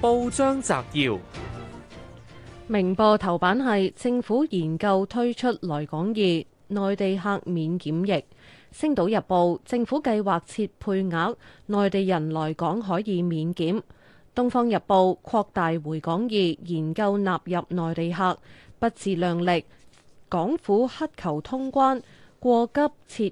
報章摘要：明報頭版係政府研究推出來港易，內地客免檢疫。星島日報：政府計劃設配額，內地人來港可以免檢。東方日報：擴大回港易研究納入內地客，不自量力，港府乞求通關，過急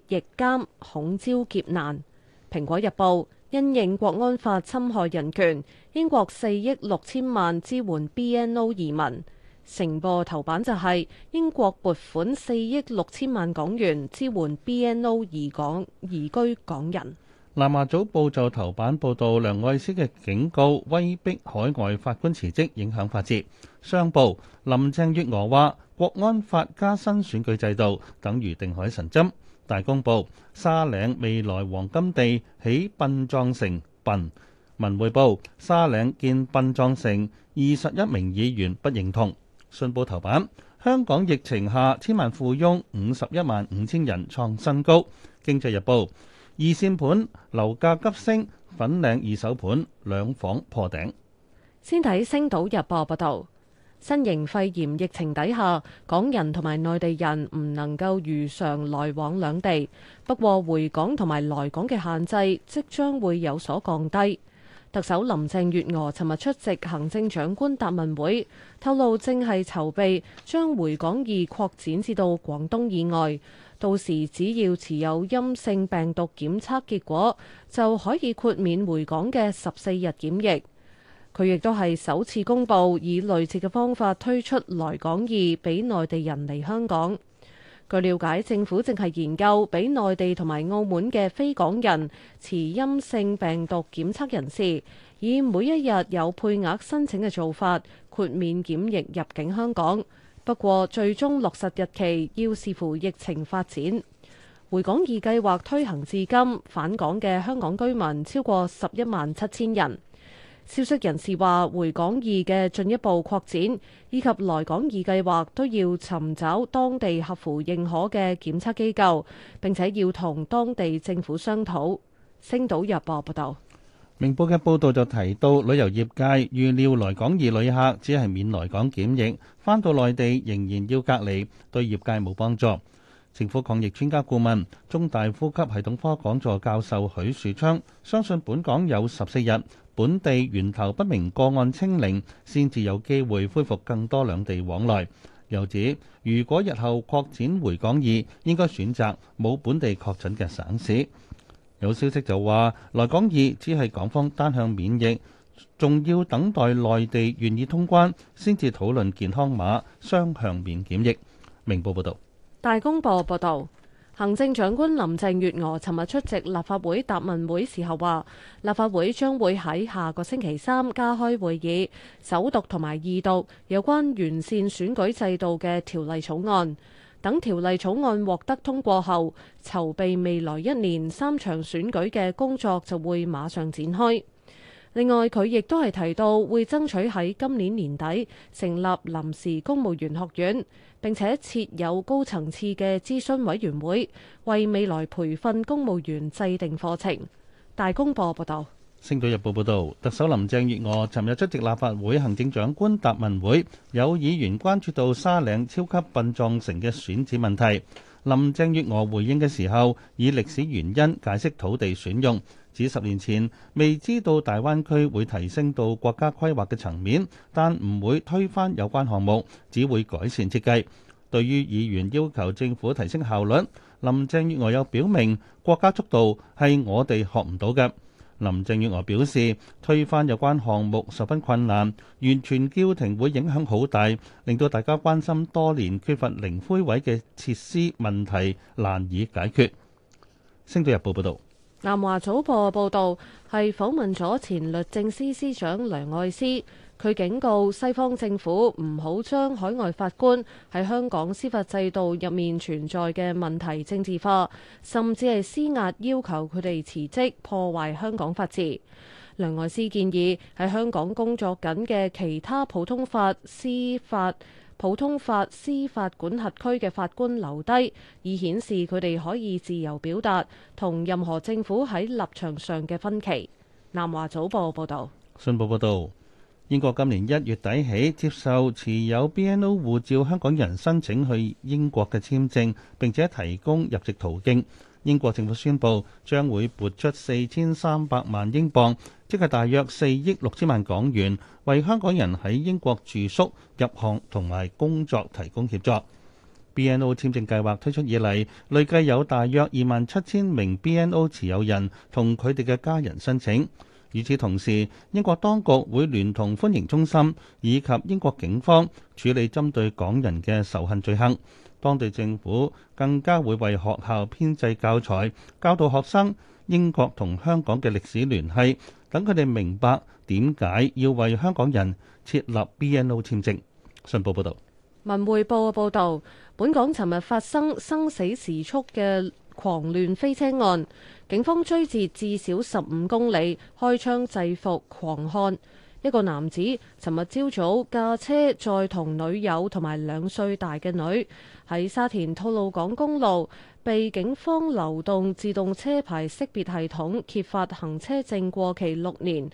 切疫監，恐招劫難。蘋果日報。因應國安法侵害人權，英國四億六千萬支援 BNO 移民。成報頭版就係英國撥款四億六千萬港元支援 BNO 移港移居港人。南華早報就頭版報導梁愛詩嘅警告威逼海外法官辭職，影響法治。商報林鄭月娥話：國安法加新選舉制度，等於定海神針。大公報沙嶺未來黃金地起殯葬城，殯文匯報沙嶺建殯葬城，二十一名議員不認同。信報頭版香港疫情下千萬富翁五十一萬五千人創新高。經濟日報二線盤樓價急升，粉嶺二手盤兩房破頂。先睇星島日報報道。新型肺炎疫情底下，港人同埋內地人唔能夠如常來往兩地。不過，回港同埋來港嘅限制即將會有所降低。特首林鄭月娥尋日出席行政長官答問會，透露正係籌備將回港易擴展至到廣東以外，到時只要持有陰性病毒檢測結果，就可以豁免回港嘅十四日檢疫。佢亦都係首次公布以類似嘅方法推出來港易俾內地人嚟香港。據了解，政府正係研究俾內地同埋澳門嘅非港人持陰性病毒檢測人士，以每一日有配額申請嘅做法豁免檢疫入境香港。不過，最終落實日期要視乎疫情發展。回港易計劃推行至今，返港嘅香港居民超過十一萬七千人。消息人士話，回港易嘅進一步擴展，以及來港易計劃，都要尋找當地合乎認可嘅檢測機構，並且要同當地政府商討。星島日報報導。明報嘅報導就提到，旅遊業界預料來港易旅客只係免來港檢疫，返到內地仍然要隔離，對業界冇幫助。政府抗疫專家顧問、中大呼吸系統科講座教授許樹昌相信，本港有十四日本地源頭不明個案清零，先至有機會恢復更多兩地往來。又指，如果日後擴展回港易，應該選擇冇本地確診嘅省市。有消息就話，來港易只係港方單向免疫，仲要等待內地願意通關，先至討論健康碼雙向免檢疫。明報報道。大公報報導，行政長官林鄭月娥尋日出席立法會答問會時候話，立法會將會喺下個星期三加開會議，首讀同埋二讀有關完善選舉制度嘅條例草案。等條例草案獲得通過後，籌備未來一年三場選舉嘅工作就會馬上展開。另外，佢亦都係提到會爭取喺今年年底成立臨時公務員學院，並且設有高層次嘅諮詢委員會，為未來培訓公務員制定課程。大公報報道。《星島日報》報道，特首林鄭月娥尋日出席立法會行政長官答問會，有議員關注到沙嶺超級殯葬城嘅選址問題。林鄭月娥回應嘅時候，以歷史原因解釋土地選用。指十年前未知道大灣區會提升到國家規劃嘅層面，但唔會推翻有關項目，只會改善設計。對於議員要求政府提升效率，林鄭月娥又表明國家速度係我哋學唔到嘅。林鄭月娥表示，推翻有關項目十分困難，完全叫停會影響好大，令到大家關心多年缺乏靈灰位嘅設施問題難以解決。星島日報報道。南華早報報道，係訪問咗前律政司司長梁愛詩，佢警告西方政府唔好將海外法官喺香港司法制度入面存在嘅問題政治化，甚至係施壓要求佢哋辭職，破壞香港法治。梁愛詩建議喺香港工作緊嘅其他普通法司法普通法司法管轄區嘅法官留低，以顯示佢哋可以自由表達同任何政府喺立場上嘅分歧。南華早報報道。信報報道，英國今年一月底起接受持有 BNO 護照香港人申請去英國嘅簽證，並且提供入籍途徑。英國政府宣布將會撥出四千三百萬英鎊，即係大約四億六千萬港元，為香港人喺英國住宿、入行同埋工作提供協助。BNO 簽證計劃推出以嚟，累計有大約二萬七千名 BNO 持有人同佢哋嘅家人申請。與此同時，英國當局會聯同歡迎中心以及英國警方處理針對港人嘅仇恨罪行。當地政府更加會為學校編製教材，教導學生英國同香港嘅歷史聯繫，等佢哋明白點解要為香港人設立 BNO 簽證。信報報導，文匯報嘅報導，本港尋日發生生死時速嘅狂亂飛車案，警方追至至少十五公里，開槍制服狂漢。一個男子尋日朝早駕車，載同女友同埋兩歲大嘅女喺沙田吐露港公路被警方流動自動車牌識別系統揭發行車證過期六年，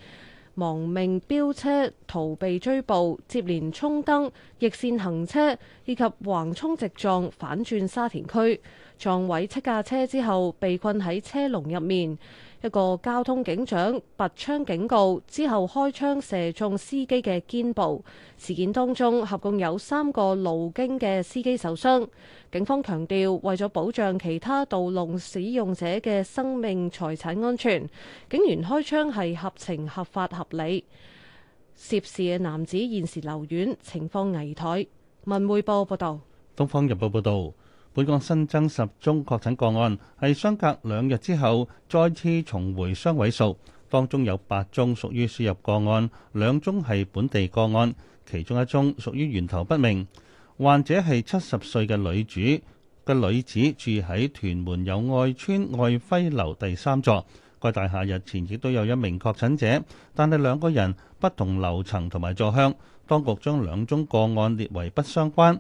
亡命飆車，逃避追捕、接連衝燈、逆線行車以及橫衝直撞、反轉沙田區。撞毀七架車之後，被困喺車籠入面。一個交通警長拔槍警告之後，開槍射中司機嘅肩部。事件當中，合共有三個路經嘅司機受傷。警方強調，為咗保障其他道路使用者嘅生命財產安全，警員開槍係合情合法合理。涉事嘅男子現時留院，情況危殆。文匯報報道，東方日報報道。本港新增十宗確診個案，係相隔兩日之後再次重回雙位數，當中有八宗屬於輸入個案，兩宗係本地個案，其中一宗屬於源頭不明。患者係七十歲嘅女主嘅女子，住喺屯門友愛邨愛輝樓第三座。該大廈日前亦都有一名確診者，但係兩個人不同樓層同埋座向，當局將兩宗個案列為不相關。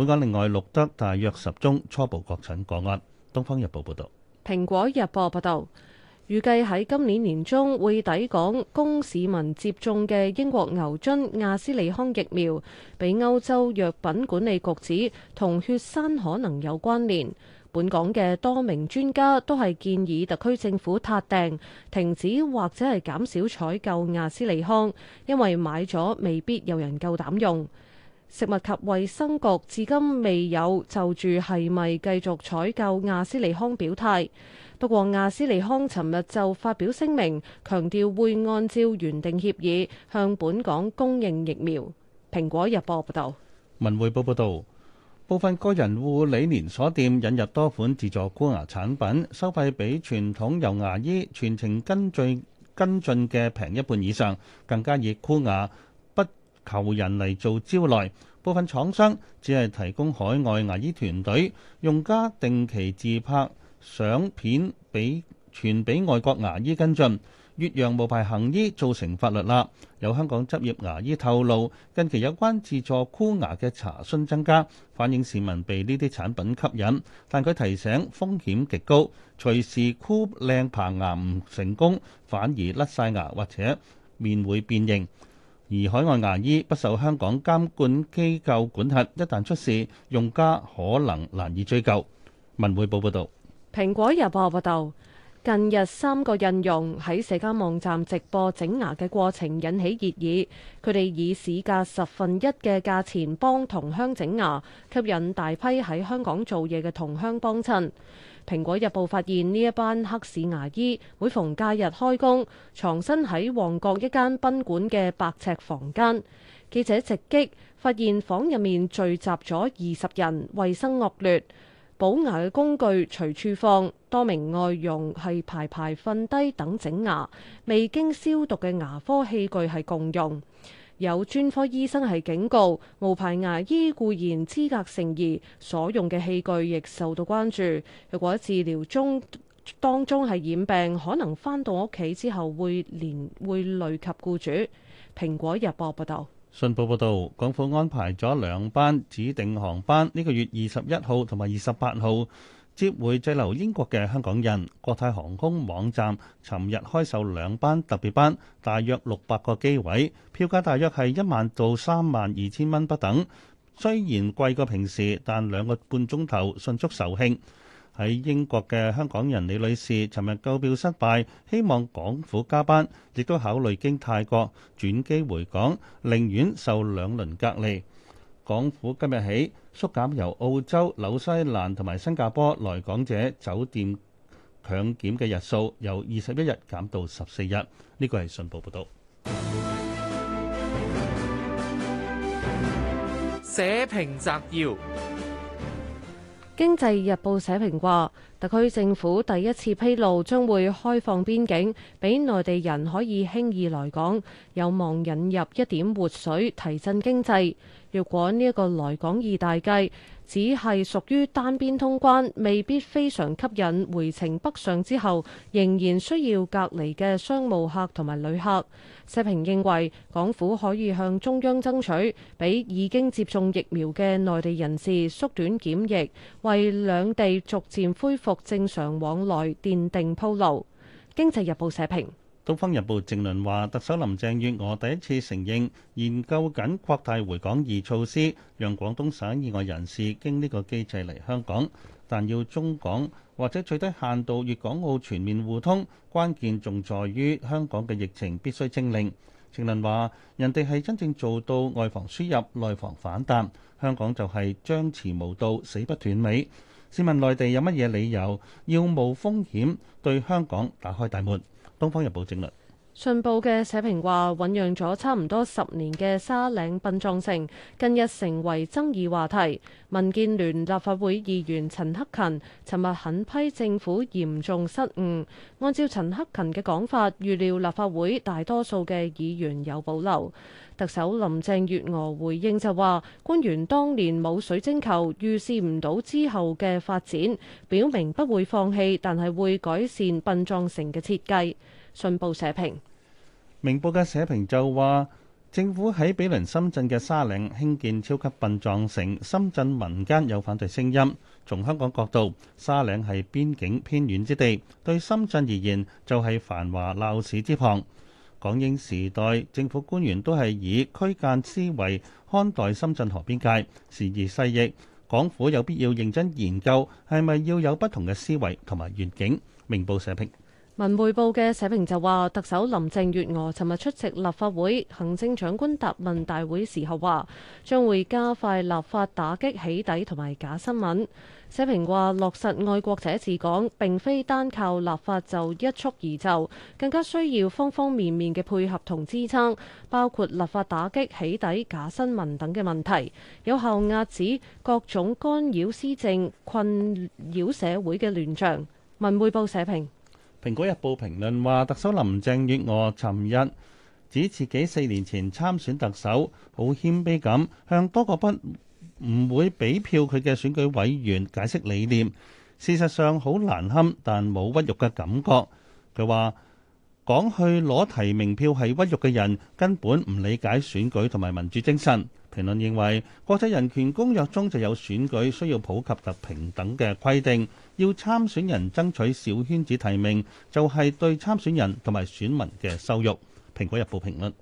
本港另外錄得大約十宗初步確診個案。《東方日報》報導，《蘋果日報》報導，預計喺今年年中會抵港供市民接種嘅英國牛津亞斯利康疫苗，被歐洲藥品管理局指同血栓可能有關聯。本港嘅多名專家都係建議特區政府撻訂，停止或者係減少採購亞斯利康，因為買咗未必有人夠膽用。食物及衛生局至今未有就住係咪繼續採購亞斯利康表態。不過亞斯利康尋日就發表聲明，強調會按照原定協議向本港供應疫苗。蘋果日報報道，文匯報報道，部分個人護理連鎖店引入多款自助箍牙產品，收費比傳統由牙醫全程跟進跟進嘅平一半以上，更加易箍牙。求人嚟做招徠，部分廠商只係提供海外牙醫團隊，用家定期自拍相片俾傳俾外國牙醫跟進，越洋無牌行醫造成法律啦。有香港執業牙醫透露，近期有關自助箍牙嘅查詢增加，反映市民被呢啲產品吸引，但佢提醒風險極高，隨時箍靚棚牙唔成功，反而甩晒牙或者面會變形。而海外牙醫不受香港監管機構管轄，一旦出事，用家可能難以追究。文匯報報道。《蘋果日報》報道。近日三個印傭喺社交網站直播整牙嘅過程，引起熱議。佢哋以市價十分一嘅價錢幫同鄉整牙，吸引大批喺香港做嘢嘅同鄉幫襯。蘋果日報發現呢一班黑市牙醫每逢假日開工，藏身喺旺角一間賓館嘅百尺房間。記者直擊發現房入面聚集咗二十人，衛生惡劣。補牙嘅工具隨處放，多名外傭係排排瞓低等整牙，未經消毒嘅牙科器具係共用。有專科醫生係警告，無牌牙醫固然資格成疑，所用嘅器具亦受到關注。若果治療中當中係染病，可能翻到屋企之後會連會累及雇主。蘋果日報報道。信報報道，港府安排咗兩班指定航班，呢、這個月二十一號同埋二十八號接回滯留英國嘅香港人。國泰航空網站尋日開售兩班特別班，大約六百個機位，票價大約係一萬到三萬二千蚊不等。雖然貴過平時，但兩個半鐘頭迅速售罄。喺英國嘅香港人李女士，尋日購票失敗，希望港府加班，亦都考慮經泰國轉機回港，寧願受兩輪隔離。港府今日起縮減由澳洲、紐西蘭同埋新加坡來港者酒店強檢嘅日數，由二十一日減到十四日。呢個係信報報導。社評摘要。經濟日報寫評話。特區政府第一次披露將會開放邊境，俾內地人可以輕易來港，有望引入一點活水，提振經濟。若果呢一個來港易大計只係屬於單邊通關，未必非常吸引回程北上之後仍然需要隔離嘅商務客同埋旅客。社評認為，港府可以向中央爭取，俾已經接種疫苗嘅內地人士縮短檢疫，為兩地逐漸恢復，作正常往來奠定鋪路。經濟日報社評：東方日報正論話，特首林鄭月娥第一次承認研究緊擴大回港易措施，讓廣東省以外人士經呢個機制嚟香港，但要中港或者最低限度粵港澳全面互通，關鍵仲在於香港嘅疫情必須清零。正論話，人哋係真正做到外防輸入、內防反彈，香港就係張弛無道、死不斷尾。試問內地有乜嘢理由要冒風險對香港打開大門？《東方日報》政論。《信報》嘅社評話，醖釀咗差唔多十年嘅沙嶺殯葬城，近日成為爭議話題。民建聯立法會議員陳克勤尋日狠批政府嚴重失誤。按照陳克勤嘅講法，預料立法會大多數嘅議員有保留。特首林鄭月娥回應就話，官員當年冇水晶球，預示唔到之後嘅發展，表明不會放棄，但係會改善殯葬城嘅設計。《信報》社評。明報嘅社評就話，政府喺毗鄰深圳嘅沙嶺興建超級殯葬城，深圳民間有反對聲音。從香港角度，沙嶺係邊境偏遠之地，對深圳而言就係繁華鬧市之旁。港英時代，政府官員都係以區間思維看待深圳河邊界，時移世易，港府有必要認真研究，係咪要有不同嘅思維同埋願景？明報社評。文匯報嘅社評就話，特首林鄭月娥尋日出席立法會行政長官答問大會時候話，將會加快立法打擊起底同埋假新聞。社評話，落實愛國者治港，並非單靠立法就一蹴而就，更加需要方方面面嘅配合同支撐，包括立法打擊起底、假新聞等嘅問題，有效壓止各種干擾施政、困擾社會嘅亂象。文匯報社評。《蘋果日報》評論話，特首林鄭月娥尋日指自己四年前參選特首，好謙卑咁，向多個不唔會俾票佢嘅選舉委員解釋理念。事實上好難堪，但冇屈辱嘅感覺。佢話講去攞提名票係屈辱嘅人，根本唔理解選舉同埋民主精神。評論認為國際人權公約中就有選舉需要普及及平等嘅規定，要參選人爭取小圈子提名，就係、是、對參選人同埋選民嘅羞辱。《蘋果日報》評論。